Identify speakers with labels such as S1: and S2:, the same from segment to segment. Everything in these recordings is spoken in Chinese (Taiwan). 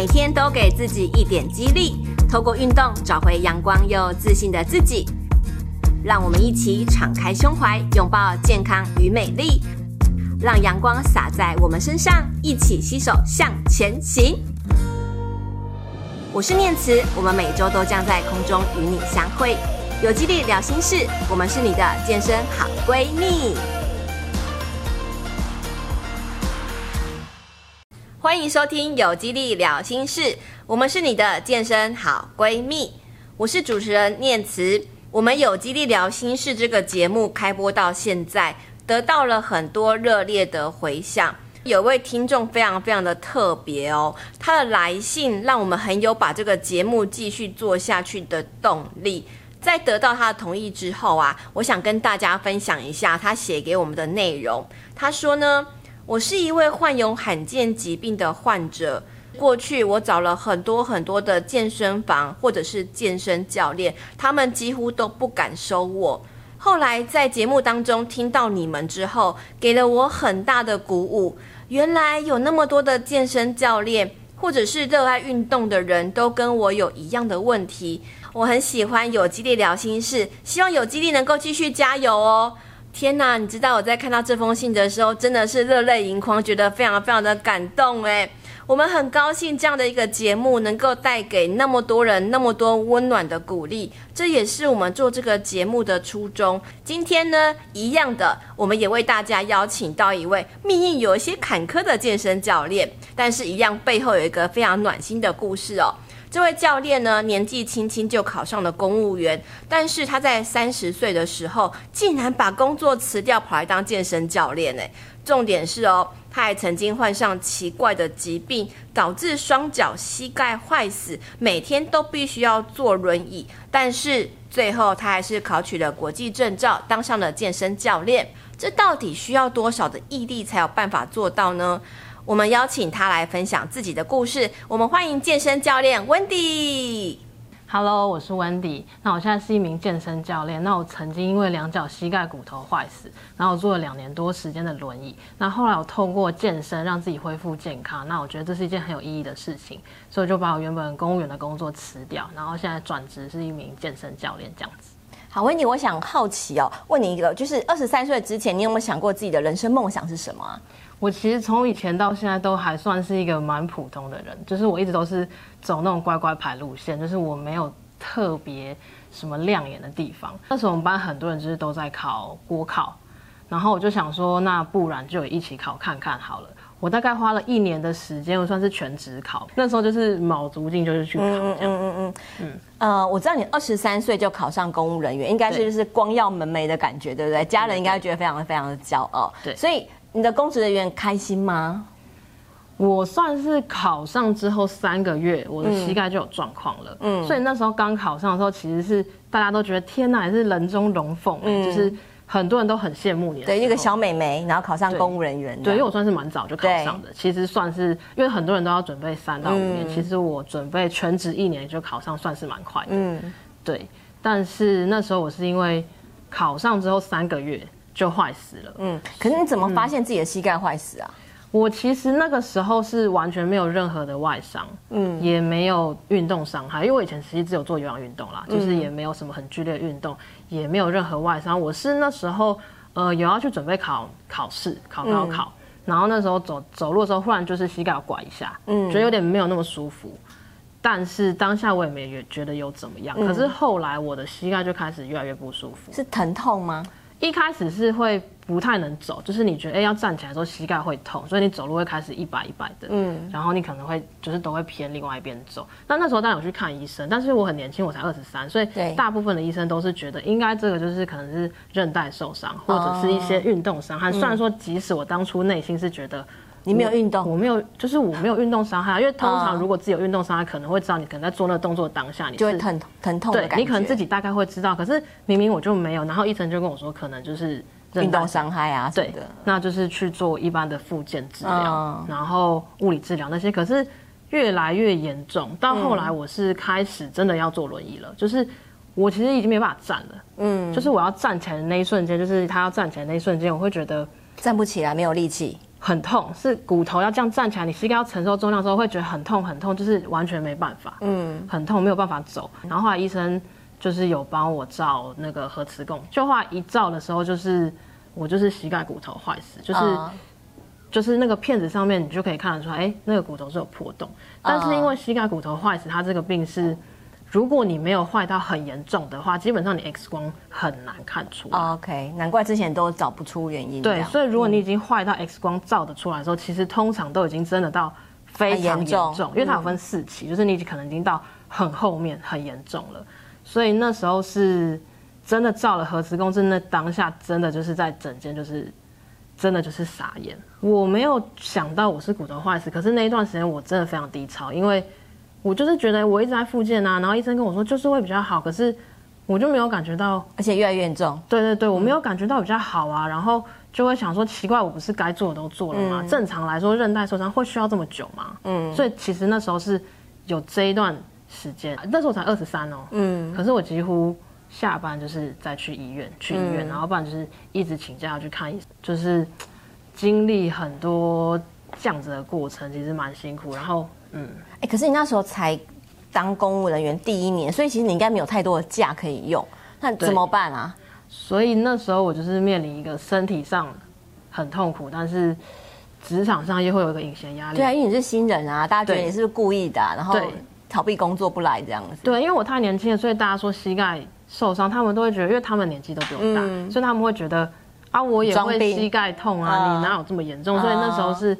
S1: 每天都給自己一點激勵，透過運動找回陽光又自信的自己。讓我們一起敞開胸懷，擁抱健康與美麗，讓陽光灑在我們身上，一起攜手向前行。我是念慈，我們每週都將在空中與你相會，有肌勵聊心事，我們是你的健身好閨蜜。歡迎收聽《有肌勵聊心事》，我們是你的健身好閨蜜，我是主持人念慈。我們《有肌勵聊心事》這個節目開播到現在，得到了很多熱烈的回響。有位聽眾非常非常的特別哦，他的來信讓我們很有把這個節目繼續做下去的動力。在得到他的同意之後啊，我想跟大家分享一下他寫給我們的內容。他說呢。我是一位患有罕見疾病的患者，過去我找了很多很多的健身房或者是健身教練，他們幾乎都不敢收我。後來在節目當中聽到你們之後，給了我很大的鼓舞。原來有那麼多的健身教練或者是熱愛運動的人都跟我有一樣的問題。我很喜歡有肌勵聊心事，希望有肌勵能夠繼續加油哦。天吶！你知道我在看到這封信的時候，真的是熱淚盈眶，覺得非常非常的感動誒，我們很高興這樣的一個節目能夠帶給那麼多人那麼多溫暖的鼓勵，這也是我們做這個節目的初衷。今天呢，一樣的，我們也為大家邀請到一位命運有一些坎坷的健身教練，但是一樣背後有一個非常暖心的故事哦。這位教練呢，年紀輕輕就考上了公務員，但是他在三十歲的時候竟然把工作辭掉，跑來當健身教練。哎，重點是哦，他還曾經患上奇怪的疾病，導致雙腳膝蓋壞死，每天都必須要坐輪椅。但是最後他還是考取了國際證照，當上了健身教練。這到底需要多少的毅力，才有辦法做到呢？我們邀請他來分享自己的故事。我們歡迎健身教練溫迪。Hello，我是溫迪。那我現在是一名健身教練。那我曾經因為兩腳膝
S2: 蓋骨頭壞死，然後我坐了兩年多時間的輪椅。那後，後來我透過健身讓自己恢復健康。那我覺得這是一件很有意義的事情，所以就把我原本公務員的工作辭掉，然後現在轉職是一名健身教練這樣子。
S1: 好，溫迪，我想好奇哦，問你一個，就是二十三歲之前，你有沒有想過自己的人生夢想是什麼？我其實從以前到
S2: 現在都還算是一個蠻普通的人，就是我一直都是走那種乖乖牌路線，就是我沒有特別什麼亮眼的地方。那時候我們班很多人就是都在考國考，然後我就想說，那不然就一起考看看好了。我大概
S1: 花了一年的時間，我算是全職考。那時候就是卯足勁就是去考。嗯嗯嗯嗯嗯。嗯嗯嗯呃，我知道你二十三歲就考上公務人員，應該是就是光耀門楣的感覺，對不對？對，家人應該覺得非常的非常的驕傲。對，所以。你的公職人員開心嗎？我算是考上之後三個月，我的膝蓋就有狀況了嗯。嗯，所以那
S2: 時候剛考上的時候，其實是大家都覺得天哪，還是人中龍鳳、欸，嗯、就是很多人都很羨慕你。對，一、那個小美眉，然後考上公務人員。對，因為我算是蠻早就考上的，對其實算是因為很多人都要準備三到五年，嗯、其實我準備全職一年就考上，算是蠻快的。嗯，對。但是那時候我是因為考上之後三個月。就壞死
S1: 了。嗯，可是你怎麼發現自己的膝蓋壞死啊、嗯？我其實
S2: 那個時候是完全沒有任何的外傷，嗯，也沒有運動傷害，因為我以前實際只有做有氧運動啦，就是，嗯、也沒有什麼很劇烈的運動，也沒有任何外傷。我是那時候呃，有要去準備考考試，考高考，嗯，然後那時候走走路的時候，忽然就是膝蓋要拐一下，嗯，覺得有點沒有那麼舒服，但是當下我也沒有覺得有怎麼樣。嗯，可是後來我的膝蓋就開始越來越不舒服，是疼痛嗎？一開始是會不太能走，就是你覺得、欸、要站起來的時候膝蓋會痛，所以你走路會開始一擺一擺的，嗯，然後你可能會就是都會偏另外一邊走。那那時候當然有去看醫生，但是我很年輕，我才二十三，所以大部分的醫生都是覺得應該這個就是可能是韌帶受傷或者是一些運動傷害。哦、雖然說即使我當初內心是覺得。你沒有運動，我，我沒有，就是我沒有運動傷害啊，因為通常如果自己有運動傷害，可能會知道你可能在做那個動作當下你，你就會疼疼痛的感覺。對，你可能自己大概會知道，可是明明我就沒有，然後醫生就跟我說，可能就是運動傷害啊，真的，對的，那就是去做一般的復健治療，嗯，然後物理治療那些，可是越來越嚴重，到後來我是開始真的要坐輪椅了，嗯，就是我其實已經沒辦法站了，嗯，就是我要站起來的那一瞬間，就是他要站起來的那一瞬間，我會覺得站不起來，沒有力氣。很痛，是骨頭要這樣站起來，你膝蓋要承受重量的時候，會覺得很痛很痛，就是完全沒辦法，嗯，很痛沒有辦法走。然後後來醫生就是有幫我照那個核磁共振，就後來一照的時候，就是我就是膝蓋骨頭壞死，就是、嗯、就是那個片子上面你就可以看得出來，哎，那個骨頭是有破洞。但是因為膝蓋骨頭壞死，它這個病是。嗯如果你沒有壞到很嚴重的話，基本上你 X 光很難看出來。oh, OK，難怪之前都找不出原因。對，所以如果你已經壞到 X 光照得出來的時候，嗯、其實通常都已經真的到非常嚴重，哎、嚴重、因為它有分四期，嗯、就是你可能已經到很後面、很嚴重了。所以那時候是真的照了核磁共振，那當下真的就是在整間就是真的就是傻眼。我沒有想到我是骨頭壞死，可是那一段時間我真的非常低潮，因為。我就是覺得我一直在復健啊，然後醫生跟我說就是會比較好，可是我就沒有感覺到，而且越來越嚴重。對對對，我沒有感覺到比較好啊，嗯、然後就會想說奇怪，我不是該做的都做了嗎？嗯、正常來說，韌帶受傷會需要這麼久嗎？嗯。所以其實那時候是有這一段時間，那時候才二十三哦。嗯。可是我幾乎下班就是再去醫院，去醫院，嗯、然後不然就是一直請假要去看醫生，就是經歷很多這樣子的
S1: 過程，其實蠻辛苦，然後。嗯，哎、欸，可是你那時候才當公務人員第一年，所以其實你應該沒有太多的假可以用，那怎麼辦啊？所以那時候我
S2: 就是面臨一個身體上很痛苦，但是職場上又會有一個隱
S1: 形壓力。對啊，因為你是新人啊，大家覺得你是不是故意的、啊？對然後逃避工作不來這樣子。對，
S2: 因為我太年輕了，所以大家說膝蓋受傷，他們都會覺
S1: 得，因為他們年紀都比我大，嗯、所以他們會
S2: 覺得啊，我也會膝蓋痛啊，病你哪有這麼嚴重？嗯、所以那時候是。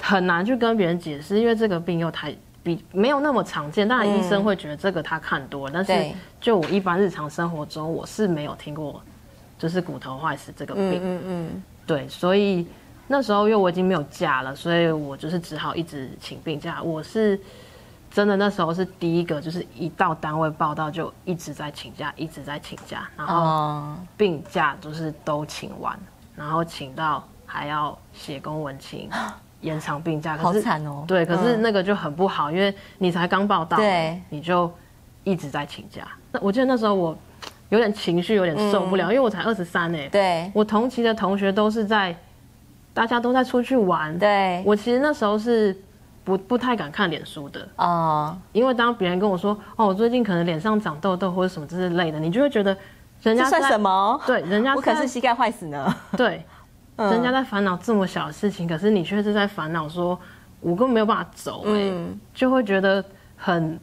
S2: 很難去跟別人解釋，因為這個病又太比沒有那麼常見。當然，醫生會覺得這個他看多了，嗯、但是就我一般日常生活中我是沒有聽過，就是骨頭壞死這個病。嗯嗯，嗯對，所以那時候因為我已經沒有假了，所以我就是只好一直請病假。我是真的那時候是第一個，就是一到單位報到就一直在請假，一直在請假，然後病假就是都請完，然後請到還要寫公文請。嗯延長病假，可是好慘、哦、對，可是那個就很不好，嗯、因為你才剛報到，對你就一直在請假。那我記得那時候我有點情緒，有點受不了，嗯、因為我才二十三哎。對，我同期的同學都是在，大家都在出去玩。對，我其實那時候是不不太敢看臉書的哦，因為當別人跟我說哦，我最近可能臉上長痘痘或者什麼之類的，你就會覺得人家這算什麼？對，人家我可是膝
S1: 蓋壞死呢。對。人家
S2: 在煩惱這麼小的事情，嗯、可是你卻是在煩惱說，我根本沒有辦法走，欸、哎，嗯，就會覺得很。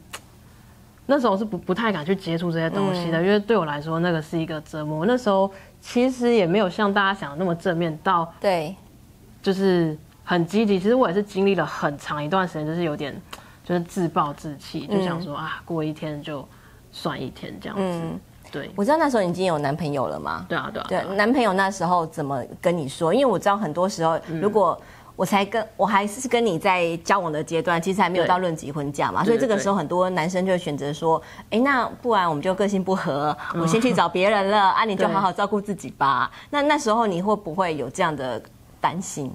S2: 那時候是不不太敢去接觸這些東西的，嗯、因為對我來說那個是一個折磨。那時候其實也沒有像大家想的那麼正面，到對，就是很積極。其實我也是經歷了很長一段時間，就是有點就是自暴自棄，就想說、嗯、啊，過一
S1: 天就算一天這樣子。嗯對我知道那時候你已經有男朋友了嗎？對啊，對啊。對，對啊、男朋友那時候怎麼跟你說？因為我知道很多時候，嗯、如果我才跟我還是跟你在交往的階段，其實還沒有到論及婚嫁嘛，對所以這個時候很多男生就選擇說：“哎對，那不然我們就個性不合，嗯、我先去找別人了，啊，你就好好照顧自己吧。對”那那時候你會不會有這樣的擔心？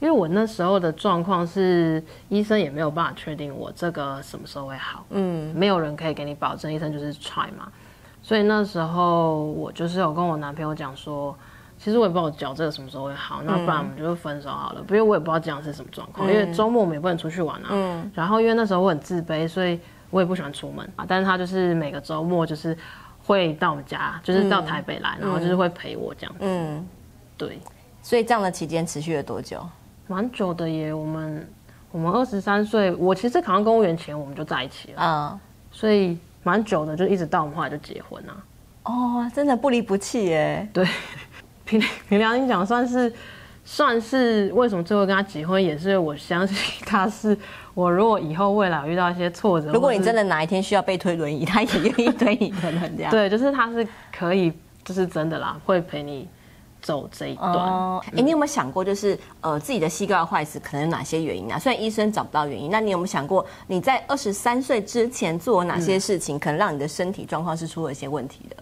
S1: 因為我那時候的
S2: 狀況是，醫生也沒有辦法確定我這個什麼時候會好，嗯，沒有人可以給你保證，醫生就是 try 嘛。所以那時候我就是有跟我男朋友講說，其實我也不知道我腳這個什麼時候會好，那不然我們就分手好了，因為我也不知道這樣是什麼狀況，嗯、因為周末我們也不能出去玩啊。嗯、然後因為那時候我很自卑，所以我也不喜歡出門啊。但是他就是每個周末就是會到我們家，就是到台北來，嗯、然後就是會陪
S1: 我這樣嗯。嗯，對。所以這樣的期間持續了多久？
S2: 蠻久的耶，我們我們二十三歲，我其實考上公務員前我們就在一起了啊，哦、所以。蠻久的，就一直到我們後來就結婚吶、
S1: 啊。哦，真的不離不棄耶。對，
S2: 憑憑良心講，算是算是為什麼最後跟他結婚，也是我相信他是我如果以後未來遇到一些挫折，如果你真的哪一天需要被
S1: 推輪椅，他也願意推你，可能這樣。對，就是他是可以，就是真的啦，會陪你。走這一段，哎、欸，你有沒有想過，就是呃，自己的膝蓋壞死可能有哪些原因啊？雖然醫生找不到原因，那你有沒有想過，你在二十三歲之前做了哪些事情，嗯、可能讓你的身體狀況是出了一些問題的？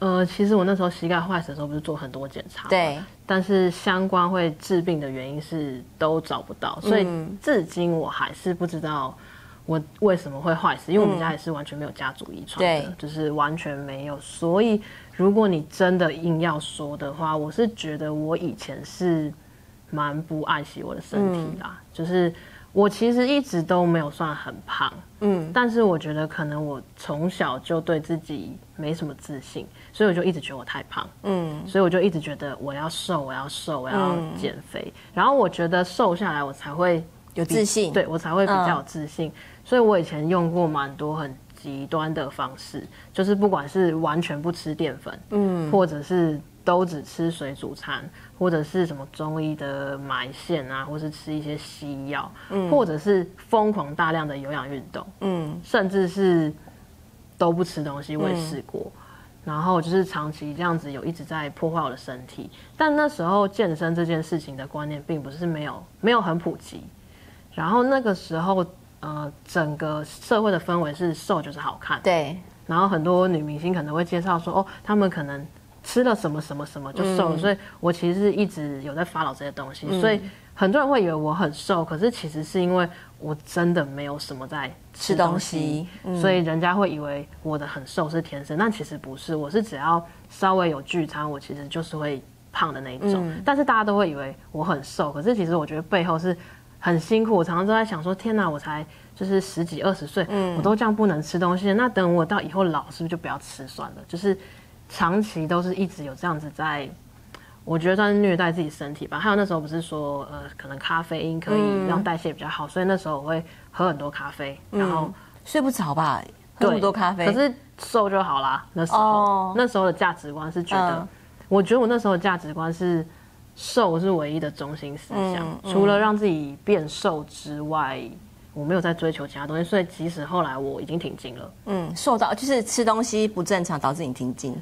S2: 呃，其實我那時候膝蓋壞死的時候，不是做很多檢查，對，但是相關會致病的原因是都找不到，所以至今我還是不知道我為什麼會壞死，因為我們家也是完全沒有家族遺傳，對，就是完全沒有，所以。如果你真的硬要說的話，我是覺得我以前是蠻不愛惜我的身體啦。嗯、就是我其實一直都沒有算很胖，嗯，但是我覺得可能我從小就對自己沒什麼自信，所以我就一直覺得我太胖，嗯，所以我就一直覺得我要瘦，我要瘦，我要減肥。嗯、然後我覺得瘦下來我才會有自信，對，我才會比較有自信。嗯、所以我以前用過蠻多很。極端的方式，就是不管是完全不吃澱粉，嗯，或者是都只吃水煮餐，或者是什麼中醫的埋線啊，或是吃一些西藥，嗯，或者是瘋狂大量的有氧運動，嗯，甚至是都不吃東西，我也試過，嗯、然後就是長期這樣子有一直在破壞我的身體，但那時候健身這件事情的觀念並不是沒有沒有很普及，然後那個時候。呃，整個社會的氛圍是瘦就是好看，對。然後很多女明星可能會介紹說，哦，她們可能吃了什麼什麼什麼就瘦了。嗯、所以，我其實是一直有在 follow 這些東西。嗯、所以，很多人會以為我很瘦，可是其實是因為我真的沒有什麼在吃東西，東西嗯、所以人家會以為我的很瘦是天生，那、嗯、其實不是。我是只要稍微有聚餐，我其實就是會胖的那一種。嗯、但是大家都會以為我很瘦，可是其實我覺得背後是。很辛苦，我常常都在想說：“天哪，我才就是十幾二十歲，嗯、我都這樣不能吃東西。那等我到以後老，是不是就不要吃算了？就是長期都是一直有這樣子在，我覺得算是虐待自己身體吧。還有那時候不是說，呃，可能咖啡因可以讓代謝比較好，嗯、所以那時候我會喝很多咖啡，然後、嗯、睡不着吧？喝那麼多咖啡，可是瘦就好啦。那時候、哦、那時候的價值觀是覺得，嗯、我覺得我那時候的價值觀是。”瘦是唯一的中心思想，嗯嗯、除了讓自己變瘦之外，我沒有在追求其他東西。所以即使後來我已經停經了，嗯，瘦到就是吃東西不正常導致你停經，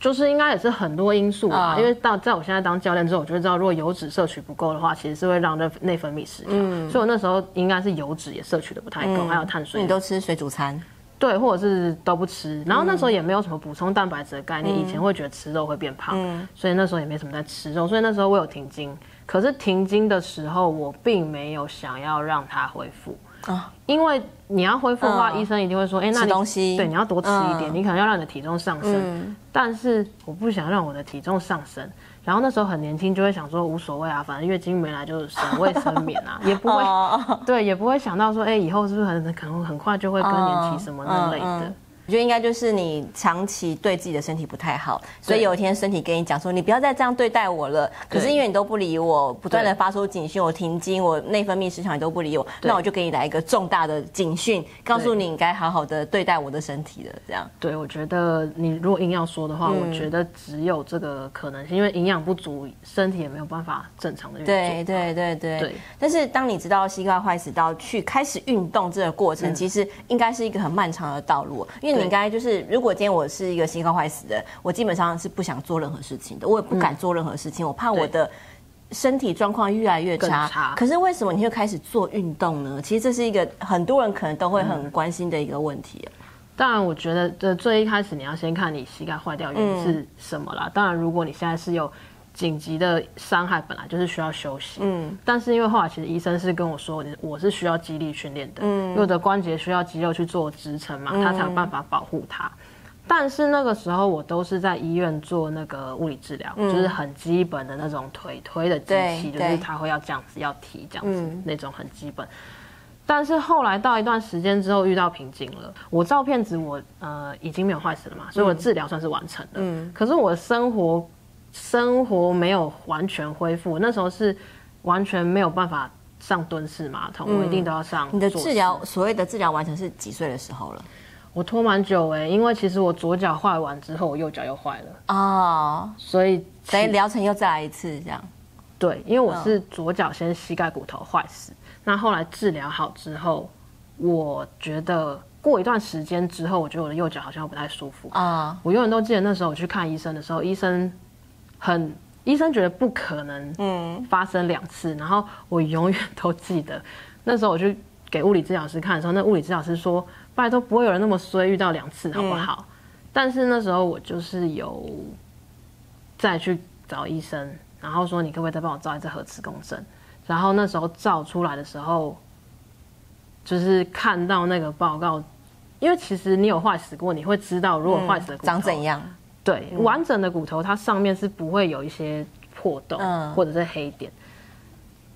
S2: 就是應該也是很多因素啊。哦、因為到在我現在當教練之後，我就會知道如果油脂攝取不夠的話，其實是會讓內內分泌失調。嗯、所以我那時候應該是油脂也攝取的不太夠，嗯、還有碳水，嗯、你都吃水煮餐。對，或者是都不吃，然後那時候也沒有什麼補充蛋白質的概念。嗯、以前會覺得吃肉會變胖，嗯、所以那時候也沒什麼在吃肉。所以那時候我有停經，可是停經的時候我並沒有想要讓它恢復，哦、因為你要恢復的話，哦、醫生一定會說：“哎、嗯，那你吃東西，對，你要多吃一點，嗯、你可能要讓你的體重上升。嗯”但是我不想讓我的體重上升。然後那時候很年輕，就會想說無所謂啊，反正月經沒來就省衛生棉啊， 也
S1: 不會對，也不會想到說，哎，以
S2: 後是不是很很很快就會更年期什麼那類的。
S1: 我覺得應該就是你長期對自己的身體不太好，所以有一天身體跟你講說：“你不要再這樣對待我了。對”可是因為你都不理我，不斷的發出警訊，對我停經，對我內分泌失常，你都不理我，對那我就給你來一個重大的警訊，告訴你應該好好的對待我的身體的對這樣，
S2: 對，我覺得你如果硬要說的話，嗯、我覺得只有這個可能性，因為營養不足，身體也沒有辦法正常的運動，對對對對。對，對對
S1: 對，但是當你知道膝蓋壞死到去開始運動這個過程，嗯、其實應該是一個很漫長的道路，因為。你應該就是，如果今天我是一個膝關節壞死的，我基本上是不想做任何事情的，我也不敢做任何事情，嗯、我怕我的身體狀況越來越差。差可是為什麼你會開始做運動呢？其實這是一個很多人可能都會很關心的一個問題。嗯、當
S2: 然，我覺得這最一開始你要先看你膝蓋壞掉原因是什麼啦。嗯、當然，如果你現在是有。緊急的傷害本來就是需要休息，嗯，但是因為後來其實醫生是跟我說，我是需要肌力訓練的，嗯，因為我的關節需要肌肉去做支撐嘛，嗯、他才有辦法保護他。但是那個時候我都是在醫院做那個物理治療，嗯、就是很基本的那種腿推的機器，對就是他會要這樣子要提這樣子、嗯、那種很基本。但是後來到一段時間之後遇到瓶頸了，我照片子我呃已經沒有壞死了嘛，所以我的治療算是完成了，嗯，可是我的生活，生活沒有完全恢復，那時候是完全沒有辦法上蹲式馬桶，嗯、我一定都要上。你的治療
S1: 所謂的治療完成是幾歲的時候了？我
S2: 拖蠻久哎，欸，因為其實我左腳壞完之後，我右腳又壞
S1: 了啊。哦，所以所以療程又再來一次這樣。
S2: 對，因為我是左腳先膝蓋骨頭壞死，哦，那後來治療好之後，我覺得過一段時間之後，我覺得我的右腳好像不太舒服啊。哦，我永遠都記得那時候我去看醫生的時候，醫生。很，醫生覺得不可能發生兩次，嗯、然後我永遠都記得，那時候我去給物理治療師看的時候，那物理治療師說：“拜托，不會有人那麼衰遇到兩次，好不好？”嗯、但是那時候我就是有再去找醫生，然後說：“你可不可以再幫我照一次核磁共振？”然後那時候照出來的時候，就是看到那個報告，因為其實你有壞死過，你會知道如果壞死的、嗯、長怎樣。對、嗯、完整的骨頭，它上面是不會有一些破洞、嗯、或者是黑點。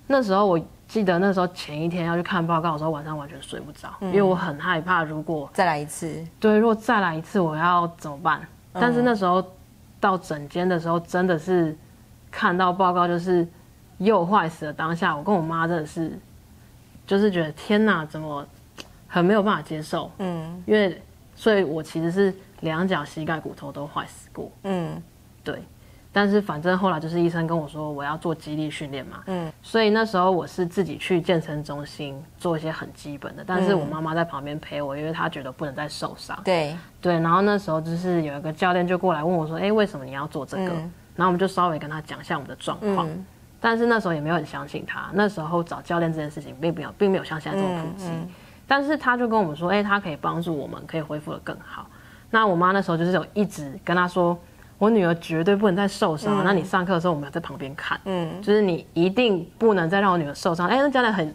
S2: 那時候我記得，那時候前一天要去看報告的時候，我晚上完全睡不着，嗯、因為我很害怕。如果再來一次，對，如果再來一次，我要怎麼辦？嗯、但是那時候到診間的時候，真的是看到報告，就是又壞死的當下，我跟我媽真的是就是覺得天哪，怎麼很沒有辦法接受？嗯，因為所以，我其實是。兩腳膝蓋骨頭都壞死過，嗯，對，但是反正後來就是醫生跟我說我要做肌力訓練嘛，嗯，所以那時候我是自己去健身中心做一些很基本的，但是我媽媽在旁邊陪我，因為她覺得不能再受傷，嗯、對對。然後那時候就是有一個教練就過來問我說：“哎，為什麼你要做這個？”嗯、然後我們就稍微跟他講一下我們的狀況，嗯、但是那時候也沒有很相信他。那時候找教練這件事情並沒有並沒有像現在這麼普及，嗯嗯、但是他就跟我們說：“哎，他可以幫助我們，可以恢復得更好。”那我媽那時候就是有一直跟她說，我女兒絕對不能再受傷。嗯、那你上課的時候，我們要在旁邊看，嗯，就是你一定不能再讓我女兒受傷。嗯、哎，那教練很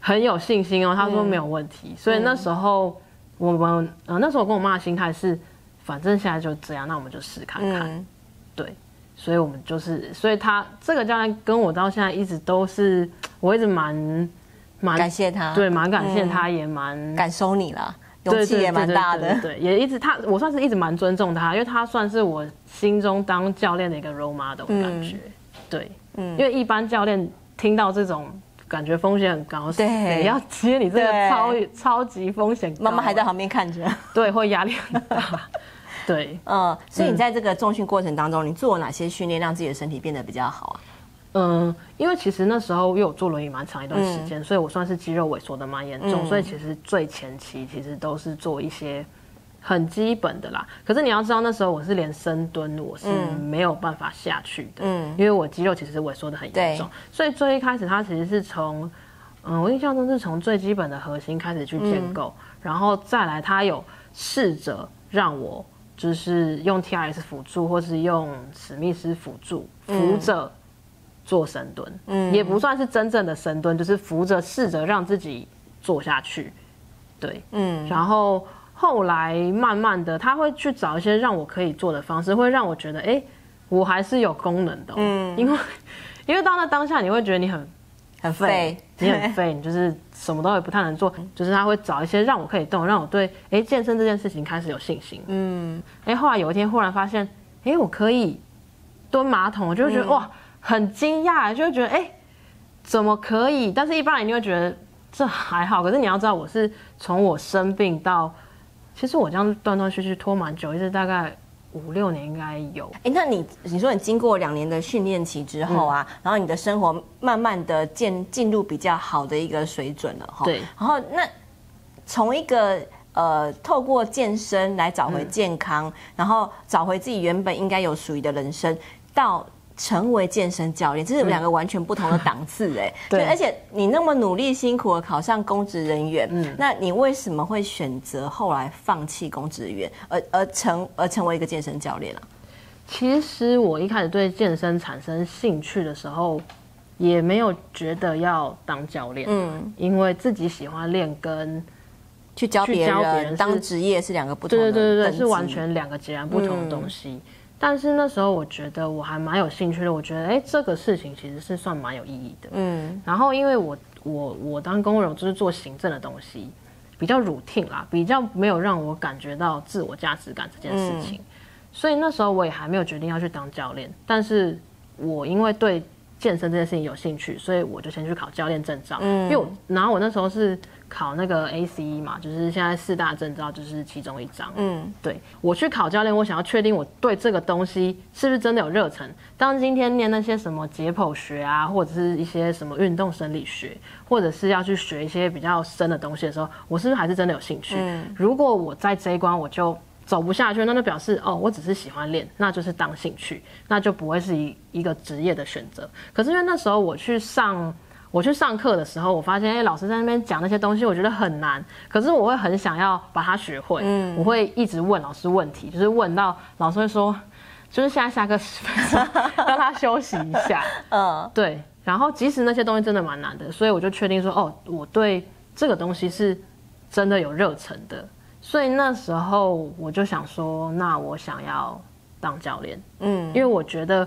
S2: 很有信心哦，他說沒有問題。嗯、所以那時候我們，嗯、呃，那時候我跟我媽的心態是，反正現在就這樣，那我們就試看看，嗯、對，所以我們就是，所以他這個教練跟我到現在一直都是，我一直蠻蠻感謝她，對，蠻感謝他，嗯、也蠻感收你了。勇氣也蠻大的，對、對、對、對、對、對，也一直他，我算是一直蠻尊重他，因為他算是我心中當教練的一個 role model 的感覺，嗯、對，嗯，因為一般教練聽到這種感覺風
S1: 險很高，對，要接你這個超對超級風險，媽媽還在旁邊看着，對，會壓力很大， 對，嗯、呃，所以你在這個重訓過程當中，你做了哪些訓練讓自己的身體變得比較好啊？
S2: 嗯，因為其實那時候因為我坐輪椅蠻長一段時間，嗯、所以我算是肌肉萎縮的蠻嚴重，嗯、所以其實最前期其實都是做一些很基本的啦。可是你要知道，那時候我是連深蹲我是沒有辦法下去的，嗯，因為我肌肉其實萎縮的很嚴重，嗯、所以最一開始他其實是從，對嗯，我印象中是從最基本的核心開始去建構，嗯、然後再來他有試着讓我就是用 T R S 輔助或是用史密斯輔助扶着、嗯。做深蹲，嗯，也不算是真正的深蹲，就是扶着試着讓自己做下去，對，嗯。然後後來慢慢的，他會去找一些讓我可以做的方式，會讓我覺得，哎，我還是有功能的喔，嗯。因為，因為到那當下，你會覺得你很很廢，你很廢，嘿，你就是什麼都不太能做。就是他會找一些讓我可以動，讓我對，哎，健身這件事情開始有信心，嗯。哎，後來有一天忽然發現，哎，我可以蹲馬桶，我就會覺得，嗯，哇。很驚訝，就會覺得哎、欸，怎麼可以？但是一般人就會覺得這還好。可是你要知道，我是從我生病到，其實
S1: 我這樣斷斷續續拖蠻久，一、就、直、是、大概五六年應該有。哎、欸，那你你說你經過兩年的訓練期之後啊，嗯、然後你的生活慢慢的進進入比較好的一個水準了哈。對。然後那從一個呃，透過健身來找回健康，嗯、然後找回自己原本應該有屬於的人生，到。成為健身教練，這是兩個完全不同的檔次哎、嗯啊。對，而且你那麼努力辛苦的考上公職人員，嗯，那你為什麼會選擇後來放棄公職員，而而成而成為一個健身教練呢啊？其實我一開始
S2: 對健身產生興趣的時候，也沒有覺得要當教練，嗯，因為自己喜歡練跟去教別人，別人當職業是兩個不同的，對對對對，是完全兩個截然不同的東西。嗯但是那時候我覺得我還蠻有興趣的，我覺得哎、欸，這個事情其實是算蠻有意義的。嗯。然後因為我我我當公務員就是做行政的東西，比較 routine 啦，比較沒有讓我感覺到自我價值感這件事情，嗯、所以那時候我也還沒有決定要去當教練。但是我因為對健身這件事情有興趣，所以我就先去考教練證照。嗯。因為我然後我那時候是。考那個 ACE 嘛，就是現在四大證照，就是其中一張。嗯，對，我去考教練，我想要確定我對這個東西是不是真的有熱忱。當今天念那些什麼解剖學啊，或者是一些什麼運動生理學，或者是要去學一些比較深的東西的時候，我是不是還是真的有興趣？嗯，如果我在這一關我就走不下去，那就表示哦，我只是喜歡練，那就是當興趣，那就不會是一一個職業的選擇。可是因為那時候我去上。我去上課的時候，我發現，哎、欸，老師在那邊講那些東西，我覺得很難，可是我會很想要把它學會，嗯、我會一直問老師問題，就是問到老師會說，就是下下課 讓他休息一下， 嗯，對。然後即使那些東西真的蠻難的，所以我就確定說，哦，我對這個東西是真的有熱忱的，所以那時候我就想說，那我想要當教練，嗯，因為我覺得。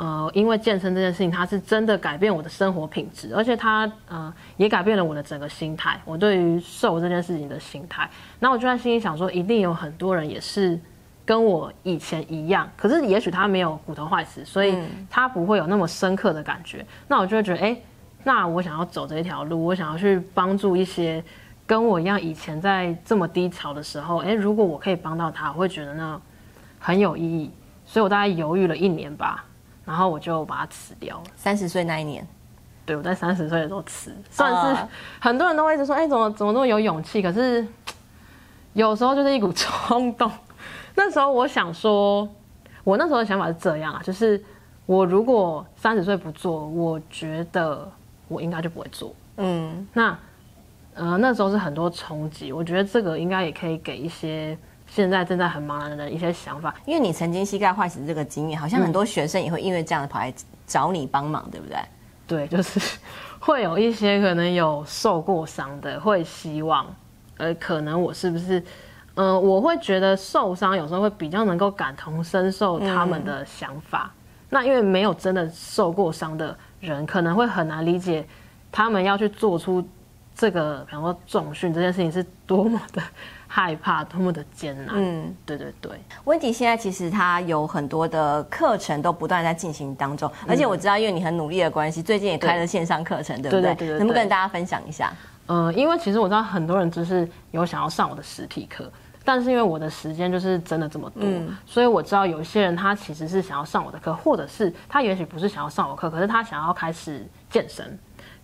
S2: 呃，因為健身這件事情，它是真的改變我的生活品質，而且它呃也改變了我的整個心態，我對於瘦這件事情的心態。那我就在心裡想說，一定有很多人也是跟我以前一樣，可是也許他沒有骨頭壞死，所以他不會有那麼深刻的感覺。嗯。那我就會覺得，哎，那我想要走這條路，我想要去幫助一些跟我一樣以前在這麼低潮的時候，哎，如果我可以幫到他，我會覺得那很有意義。所以我大概猶豫了一年吧。然後我就把它辭掉，三十歲那一年，對，我在三十歲的時候辭，算是很多人都會一直說：“哎、欸，怎麼怎麼那麼有勇氣？”可是有時候就是一股衝動。 那時候我想說，我那時候的想法是這樣啊，就是我如果三十歲不做，我覺得我應該就不會做。嗯，那呃那時候是很多衝擊，我覺得這個應該也可以給一些。
S1: 現在正在很茫然的一些想法，因為你曾經膝蓋壞死這個經驗，好像很多學生也會因為這樣的跑來找你幫忙，嗯、對不對？對，就是會有一些可
S2: 能有受過傷的，會希望呃，而可能我是不是嗯、呃，我會覺得受傷有時候會比較能夠感同身受他們的想法。嗯、那因為沒有真的受過傷的人，可能會很難理解他們要去
S1: 做出這個，比方說重訓這件事情是多麼的。害怕多麼的
S2: 艱難。嗯，對對對。
S1: 溫迪現在其實他有很多的課程都不斷在進行當中，嗯、而且我知道，因為你很努力的關係，最近也開了線上課程，對，對不對？對對，對，對，對。能不能跟大家分享一下？呃、嗯，
S2: 因為其實我知道很多人就是有想要上我的實體課，但是因為我的時間就是真的這麼多，嗯、所以我知道有一些人他其實是想要上我的課，或者是他也許不是想要上我課，可是他想要開始健身。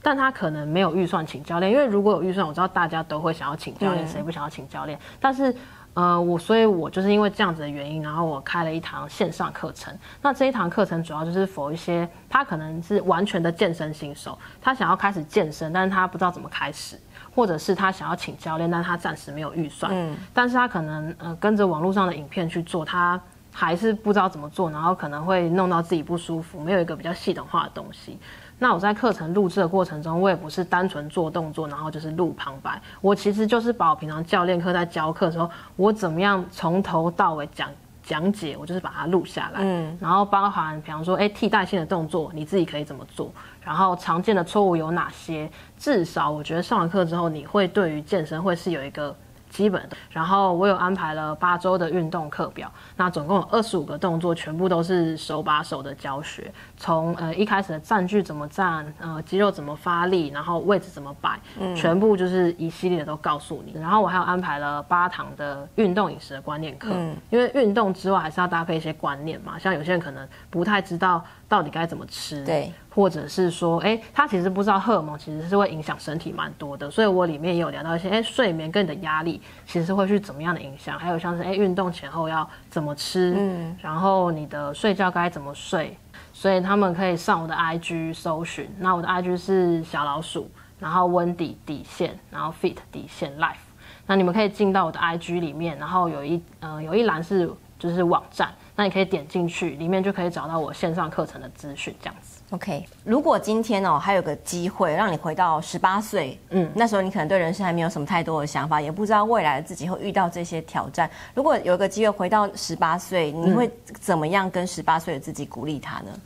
S2: 但他可能沒有預算請教練，因為如果有預算，我知道大家都會想要請教練，嗯、誰不想要請教練？但是，呃，我所以，我就是因為這樣子的原因，然後我開了一堂線上課程。那這一堂課程主要就是 for 一些他可能是完全的健身新手，他想要開始健身，但是他不知道怎麼開始，或者是他想要請教練，但他暫時沒有預算。嗯，但是他可能呃跟着網絡上的影片去做，他還是不知道怎麼做，然後可能會弄到自己不舒服，沒有一個比較系統化的東西。那我在課程錄製的過程中，我也不是單純做動作，然後就是錄旁白。我其實就是把我平常教練課在教課的時候，我怎麼樣從頭到尾講講解，我就是把它錄下來。嗯，然後包含比方說，哎、欸，替代性的動作你自己可以怎麼做？然後常見的錯誤有哪些？至少我覺得上完課之後，你會對於健身會是有一個。基本的，然後我有安排了八週的運動課表，那總共有二十五個動作，全部都是手把手的教學，從呃一開始的站距怎麼站，呃肌肉怎麼發力，然後位置怎麼擺，嗯，全部就是一系列的都告訴你。然後我還有安排了八堂的運動飲食的觀念課，嗯，因為運動之外還是要搭配一些觀念嘛，像有些人可能不太知道到底該怎麼吃，對。或者是說，哎，他其實不知道荷爾蒙其實是會影響身體蠻多的，所以我裡面也有聊到一些，哎，睡眠跟你的壓力其實會去怎麼樣的影響，還有像是，哎，運動前後要怎麼吃，嗯，然後你的睡覺該怎麼睡，所以他們可以上我的 IG 搜尋，那我的 IG 是小老鼠，然後 Wendy 底線，然後 Fit 底線 Life，那你們可以進到我的 IG 裡面，然後有一嗯、呃、有一欄是就是網站，那你可以點進去，裡面就可以找到我線
S1: 上課程的資訊，這樣子。OK，如果今天哦還有個機會讓你回到十八歲，嗯，那時候你可能對人生還沒有什麼太多的想法，也不知道未來的自己會遇到這些挑戰。如果有一個機會回到十八歲，你會怎麼樣跟十八歲的自己鼓勵他呢？嗯。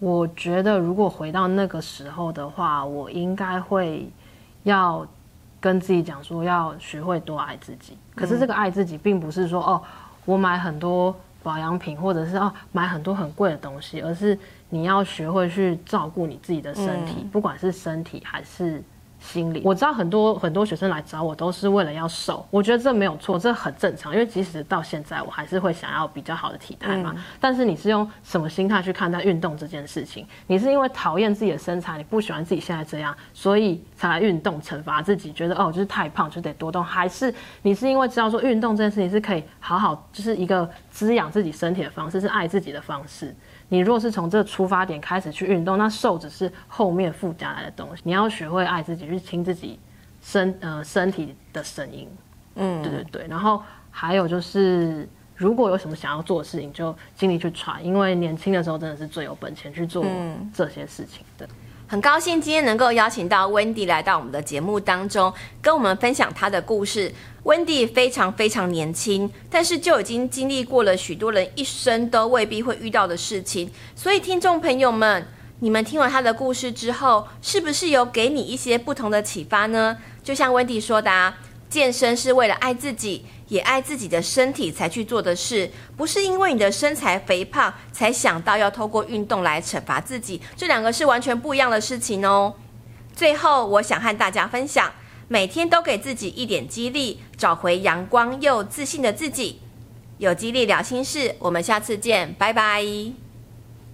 S2: 我覺得如果回到那個時候的話，我應該會要跟自己講說，要學會多愛自己。可是這個愛自己，並不是說哦，我買很多。保養品，或者是哦，買很多很貴的東西，而是你要學會去照顧你自己的身體，嗯、不管是身體還是。心理，我知道很多很多學生來找我都是為了要瘦，我覺得這沒有錯，這很正常。因為即使到現在，我還是會想要比較好的體態嘛。嗯。但是你是用什麼心態去看待運動這件事情？你是因為討厭自己的身材，你不喜歡自己現在這樣，所以才來運動懲罰自己，覺得哦就是太胖就得多動，還是你是因為知道說運動這件事情是可以好好就是一個滋養自己身體的方式，是愛自己的方式？你如果是從這個出發點開始去運動，那瘦只是後面附加來的東西。你要學會愛自己，去聽自己身呃身體的聲音，嗯，對對對。然後還有就是，如果有什麼想要做的事情，就盡力去 try，因為年輕的時候真的是最有本錢去做這些事情的。嗯
S1: 很高興今天能夠邀請到溫迪來到我們的節目當中，跟我們分享她的故事。溫迪非常非常年輕，但是就已經經歷過了許多人一生都未必會遇到的事情。所以，聽眾朋友們，你們聽完她的故事之後，是不是有給你一些不同的啟發呢？就像溫迪說的啊，健身是為了愛自己。也愛自己的身體才去做的事，不是因為你的身材肥胖才想到要透過運動來懲罰自己，這兩個是完全不一樣的事情哦。最後，我想和大家分享，每天都給自己一點激勵，找回陽光又自信的自己。有肌勵聊心事，我們下次見，拜拜。